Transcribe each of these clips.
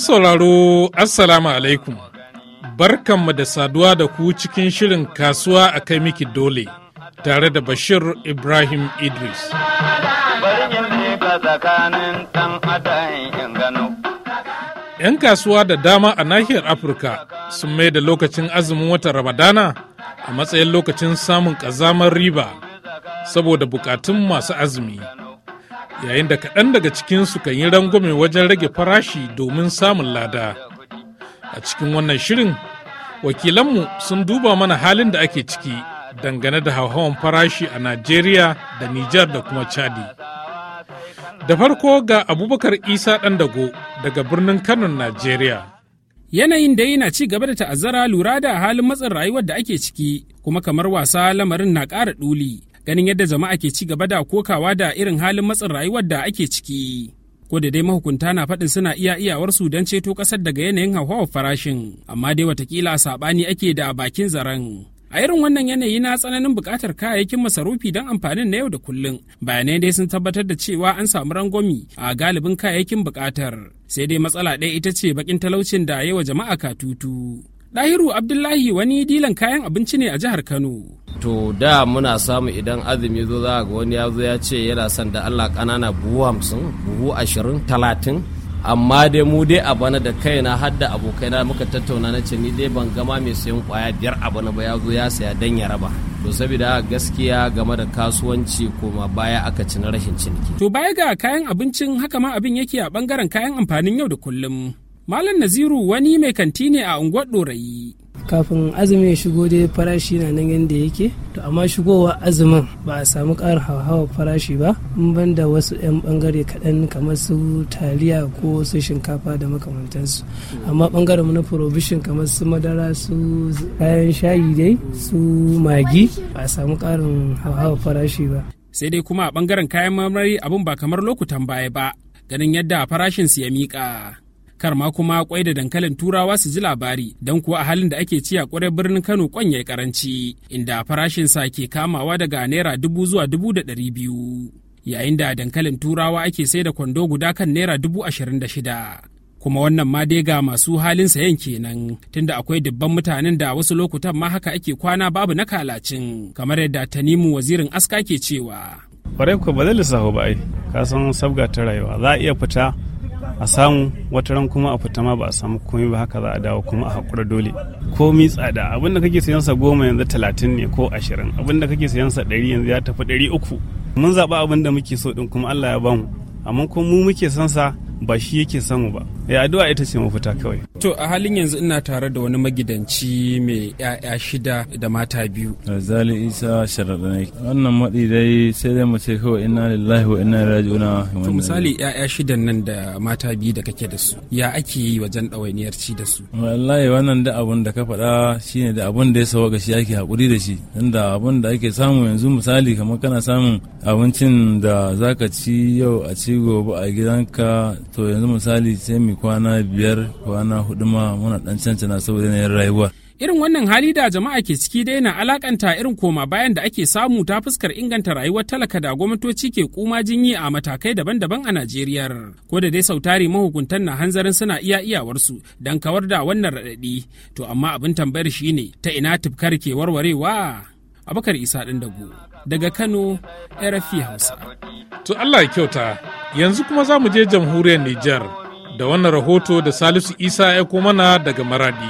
sauraro Assalamu alaikum. Barkanmu da saduwa da ku cikin shirin kasuwa a kai miki dole tare da Bashir Ibrahim Idris. ‘Yan kasuwa da dama a nahiyar Afirka sun mai da lokacin azumin watan Ramadana a matsayin lokacin samun ƙazamar riba saboda bukatun masu azumi. yayin da kaɗan daga cikinsu kan yi rangwame wajen rage farashi domin samun lada a cikin wannan shirin wakilanmu sun duba mana halin da ake ciki dangane da hauhawan farashi a najeriya da nijar da kuma chadi da farko ga abubakar isa dago daga birnin kano najeriya Yanayin da yana ci gaba da ta'azzara lura da halin matsin rayuwar da ake ciki, kuma kamar wasa lamarin na ƙara ɗuli. ganin yadda jama'a ke ci gaba da kokawa da irin halin matsin rayuwar da ake ciki. ko da dai mahukunta na faɗin suna iya iyawarsu don ceto ƙasar daga yanayin hauhawar farashin amma dai watakila saɓani ake da bakin zaren a irin wannan yanayi na tsananin buƙatar kayayyakin masarufi don amfanin na yau da kullum bayanai dai sun tabbatar da cewa an samu rangwami a galibin kayayyakin buƙatar sai dai matsala ɗaya ita ce bakin talaucin da yawa jama'a ka tutu. dahiru Abdullahi wani dilan kayan abinci ne a jihar Kano. To da muna samu idan azumi zo za ga wani ya zo ya ce yana son da Allah ƙanana buhu hamsin, buhu ashirin, talatin. Amma dai mu dai a bana da kaina har da abokaina muka tattauna na ce ni dai ban gama mai sayan kwaya biyar a bana ba ya zo ya saya dan ya raba. To saboda gaskiya game da kasuwanci koma baya aka ci na rashin ciniki. To baya ga kayan abincin haka ma abin yake a bangaren kayan amfanin yau da kullum. Malam Naziru wani mai kanti ne a unguwar Ɗorayi. Kafin azumi ya shigo dai farashi na nan yadda yake, to amma shigowa azumin ba a samu ƙarin hawa farashi ba, in ban da wasu 'yan ɓangare kaɗan kamar su taliya ko su shinkafa da makamantansu. Amma ɓangaren mu na provision kamar su madara su kayan shayi dai su magi ba a samu ƙarin hawa-hawa farashi ba. Sai dai kuma a ɓangaren kayan marmari abin ba kamar lokutan baya ba, ganin yadda farashin su ya miƙa. kar ma kuma kwai da dankalin turawa su ji labari don kuwa a halin da ake ci a kwarai birnin kano kwan ya karanci inda farashin sa ke kamawa daga naira dubu zuwa dubu da ɗari biyu yayin da dankalin turawa ake sai da kwando guda kan naira dubu ashirin da shida kuma wannan ma dai ga masu halin sayan kenan tunda akwai dubban mutanen da wasu lokutan ma haka ake kwana babu na kalacin kamar yadda tanimu wazirin aska ke cewa kwarai ku ba zai lissafo ba ai ka san sabga ta rayuwa za a iya fita a samu wata ran kuma a fita ma ba a samu komai ba haka za a dawo kuma a hakura dole mi tsada abin da kake sayan sa goma yanzu talatin ne ko ashirin abinda kake sayan sa ɗari yanzu ya tafi ɗari uku mun zaɓa abinda muke so ɗin kuma Allah ya bamu amma kuma mu muke son sa ba shi yake samu ba ya addu'a ita ce mafita kawai to a halin yanzu ina tare da wani magidanci mai ya'ya shida da mata biyu zali isa sharadanai wannan matsi dai sai dai mu ce kawai inna lillahi wa inna raji'una to misali ya'ya shidan nan da mata biyu da kake da su ya ake yi wajen ɗawainiyar ci da su wallahi wannan da abun da ka faɗa shine da abun da ya sawa shi ake haƙuri da shi inda abun da ake samu yanzu misali kamar kana samun abincin da zaka ci yau a ci gobe a gidanka to yanzu misali sai mu kwana biyar kwana hudu ma muna dan cancana saboda yanayin rayuwa irin wannan hali da jama'a ke ciki dai na alakanta irin koma bayan da ake samu ta fuskar inganta rayuwar talaka da gwamnatoci ke kuma jinyi a matakai daban-daban a Najeriya. Ko da dai sautari mahukuntan na hanzarin suna iya iyawarsu don kawar da wannan raɗaɗi. To amma abin tambayar shi ne ta ina tufkar ke warwarewa. Abakar Isa ɗin dago daga Kano, RFI Hausa. To Allah ya kyauta, yanzu kuma za mu je jamhuriyar Nijar. da wannan rahoto da salisu isa ya mana daga maradi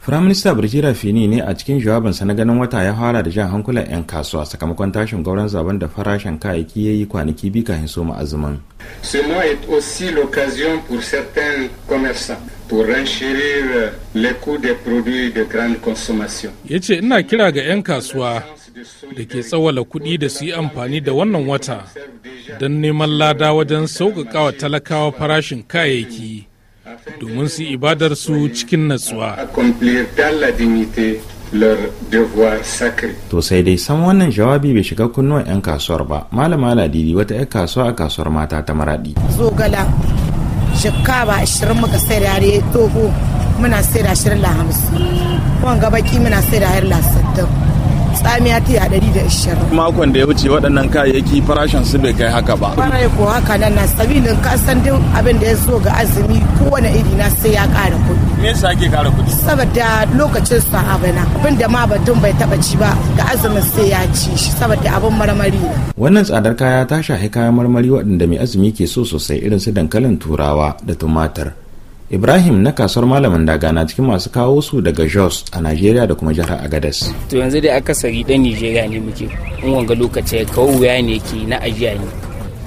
firaminista birgira fini ne a cikin jawabinsa na ganin wata ya fara da jan hankulan 'yan kasuwa sakamakon tashin gauran zaben da farashin kayayyaki ya yi kwanaki biyu kafin so azumin. ce mois est aussi l'occasion pour certains commerçants pour renchérir les coûts des produits de grande consommation. ya ce ina kira ga 'yan kasuwa da ke tsawala kuɗi da su yi amfani da wannan wata don neman lada wajen sauƙaƙawa talakawa farashin kayayyaki domin su ibadar su cikin natsuwa. To sai dai san wannan jawabi bai shiga kunnuwan 'yan kasuwar ba. Malama Ladidi wata 'yan kasuwa a kasuwar mata ta Maradi. Zogala, shikaba ashirin muka sai da yare toho muna sai da ashirin la hamsin. Kwan gabaki muna sai da har la sittin. tsamiya ta ɗari da ishirin. Makon da ya wuce waɗannan kayayyaki farashin su bai kai haka ba. ya ko haka nan na sabilin kasan duk abin da ya so ga azumi kowane iri na sai ya ƙara kuɗi. Me yasa ake ƙara kuɗi? Saboda lokacin su abana abin da ma batun bai taɓa ci ba ga azumin sai ya ci shi saboda abin marmari. Wannan tsadar kaya ta shahi kayan marmari waɗanda mai azumi ke so sosai irin su dankalin turawa da tumatir. ibrahim na kasuwar malamin daga na cikin masu kawo su daga jos a nigeria da kuma jihar agadas to yanzu dai akasari dan nigeria ne muke in wanga lokaci kawo wuya ne ke na ajiya ne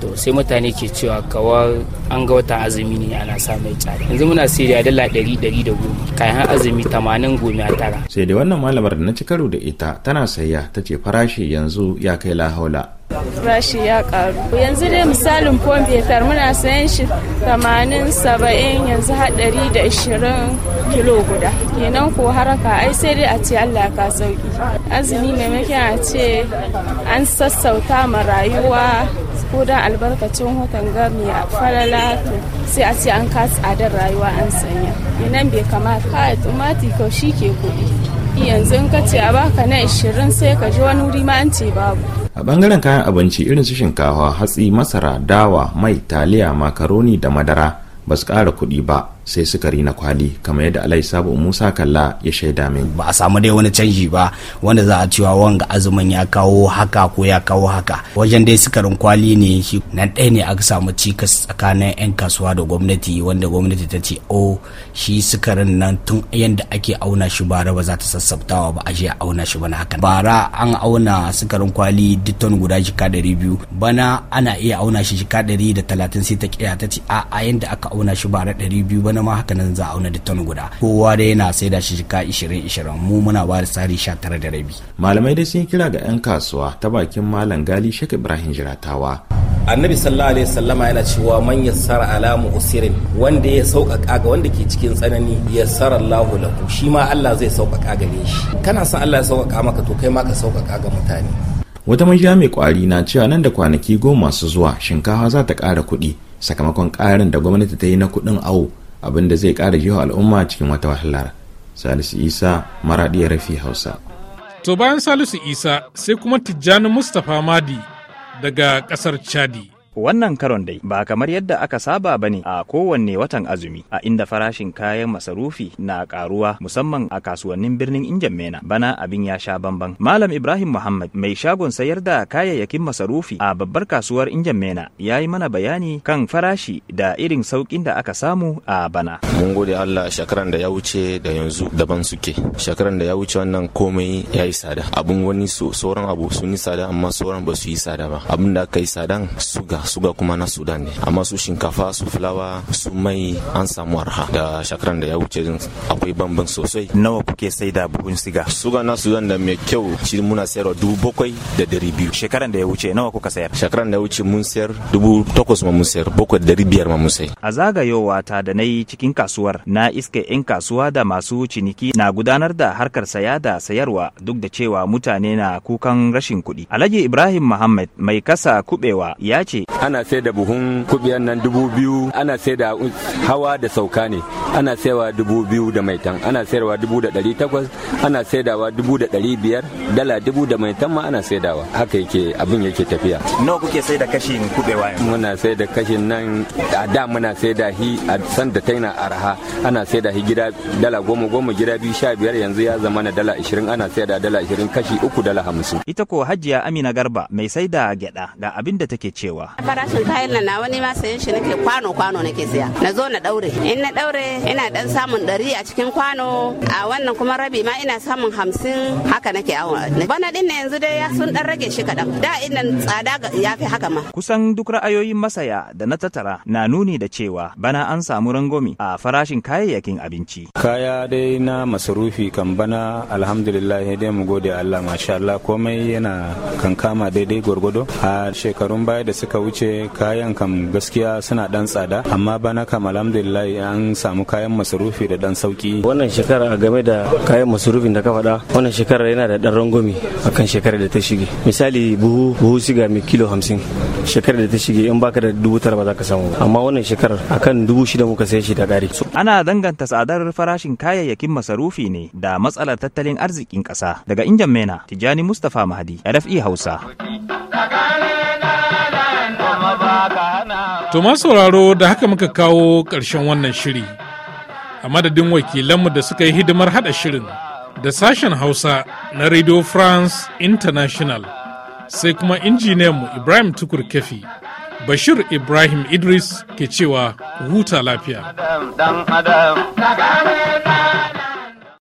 to sai mutane ke cewa kawar an ga wata azumi ne ana sa mai tsada yanzu muna da dala ɗari ɗari da goma kayan azumi tamanin goma a tara sai dai wannan malamar da na ci karo da ita tana sayya ta ce farashi yanzu ya kai lahaula Rashi ya karu. Yanzu dai misalin fon tar muna sayan shi 80 70 yanzu ɗari da 20 kilo guda. Kenan ko haraka ai sai dai a ce Allah ka sauki. Azumi maimakon a ce an sassauta ma rayuwa ko da albarkacin watan gami a falala to sai a ce an kasa adar rayuwa an sanya. Kenan bai kamata. Kawai tumati kau shi ke kuɗi. yanzu in ka ce a baka na 20 sai ka ji wani wuri ma an ce babu a bangaren kayan abinci irin su shinkafa hatsi masara dawa mai taliya makaroni da madara ba su ƙara kuɗi ba sai suka na kwali kamar yadda alai sabu musa kalla ya shaida min ba a samu dai wani canji ba wanda za a cewa wanga azumin ya kawo haka ko ya kawo haka wajen dai sukarin kwali ne shi nan ɗaya ne aka samu cikas tsakanin 'yan kasuwa da gwamnati wanda gwamnati ta ce o oh, shi sukarin nan tun yadda ake auna shi bara ba za ta sassabtawa ba a je a auna shi bana haka. bara an auna sukarin kwali ditton guda jika ɗari biyu bana ana iya auna shi jika ɗari da talatin sai ta kira ta ce a yadda aka auna shi bara ɗari biyu bana wani ma haka nan za a auna da guda kowa da yana saida shi shika 20 20 mu muna ba da tsari 19 da rabi malamai dai sun kira ga 'yan kasuwa ta bakin malam gali shek ibrahim jiratawa annabi sallallahu alaihi wasallama yana cewa man yassara ala musirin wanda ya sauƙaƙa ga wanda ke cikin tsanani yassara Allahu lahu shi ma Allah zai sauƙaƙa gare shi kana son Allah ya sauƙaƙa maka to kai ma ka sauƙaƙa ga mutane wata majiya mai kwari na cewa nan da kwanaki goma masu zuwa shinkafa za ta ƙara kuɗi sakamakon ƙarin da gwamnati ta yi na kuɗin awo abin da zai ƙara yiwa al'umma cikin wata wahalar salisu isa maraɗi rafi hausa to bayan salisu isa sai kuma tijjani mustapha madi daga ƙasar chadi Wannan karon dai ba kamar yadda aka saba ba ne a kowanne watan azumi a inda farashin kayan masarufi na karuwa musamman a kasuwannin birnin Injan Mena bana abin ya sha bamban. Malam Ibrahim Muhammad mai shagon sayar da kayayyakin masarufi a babbar kasuwar Injan Mena ya yi mana bayani kan farashi da irin saukin da aka samu a bana. Mun gode Allah shakaran da ya wuce da yanzu daban suke. Shakaran da ya wuce wannan komai ya yi sada. Abun wani sauran abu sun yi sada amma sauran ba su yi sada ba. Abun da aka yi sadan suga su ga kuma na sudan ne amma su shinkafa su fulawa su mai an samu arha da shakaran da ya wuce akwai bambam sosai nawa kuke sai da buhun siga suga na sudan da mai kyau shi muna sayarwa dubu bakwai da dari biyu shekaran da ya wuce nawa kuka sayar shekaran da ya wuce mun sayar dubu takwas ma mun sayar bakwai da dari biyar ma mun sayar a zagayowa ta da na yi cikin kasuwar na iske 'yan kasuwa da masu ciniki na gudanar da harkar saya da sayarwa duk da cewa mutane na kukan rashin kuɗi. Alhaji Ibrahim Muhammad mai kasa kubewa ya ce. ana sai da buhun kubiyan nan dubu biyu ana sai da hawa da sauka ne ana saiwa dubu biyu da maitan ana sayarwa dubu da ɗari takwas ana saidawa dubu da ɗari biyar dala dubu da maitan ma ana saidawa haka yake abin yake tafiya nawa kuke sai da kashin kubewa muna sai da kashin nan a da muna sai da hi a san da taina arha ana sai da hi gida dala goma goma gida biyu sha biyar yanzu ya zama na dala ishirin ana sai da dala ishirin kashi uku dala hamsin ita ko hajiya amina garba mai sai da gyada ga abin da take cewa farashin kayan nan na wani ma sayan shi nake kwano kwano nake siya na zo na daure in na daure ina dan samun ɗari a cikin kwano a wannan kuma rabi ma ina samun hamsin haka nake awa bana din na yanzu dai sun dan rage shi kaɗan da ina tsada ga fi haka ma kusan duk ra'ayoyin masaya da na tattara na nuni da cewa bana an samu rangwami a farashin kayayyakin abinci kaya dai na masarufi kan bana alhamdulillah dai mu gode Allah masha Allah komai yana kankama daidai gwargwado a shekarun baya da suka wuce ce kayan kam gaskiya suna dan tsada amma bana kam alhamdulillah an samu kayan masarufi da dan sauki wannan shekara game da kayan masarufin da ka faɗa wannan shekara yana da dan rangwame akan shekarar da ta shige misali buhu buhu siga mai kilo hamsin shekarar da ta shige in baka da dubu tara ba za ka samu amma wannan shekarar akan dubu shida muka sai shi da ƙari ana danganta tsadar farashin kayayyakin masarufi ne da matsalar tattalin arzikin ƙasa daga injin mena tijani mustapha mahadi rfi hausa To sauraro da haka muka kawo ƙarshen wannan shiri, a madadin wakilanmu da suka yi hidimar haɗa shirin da sashen Hausa na Radio France International, sai kuma mu Ibrahim Tukur Kefi, Bashir Ibrahim Idris ke cewa huta lafiya.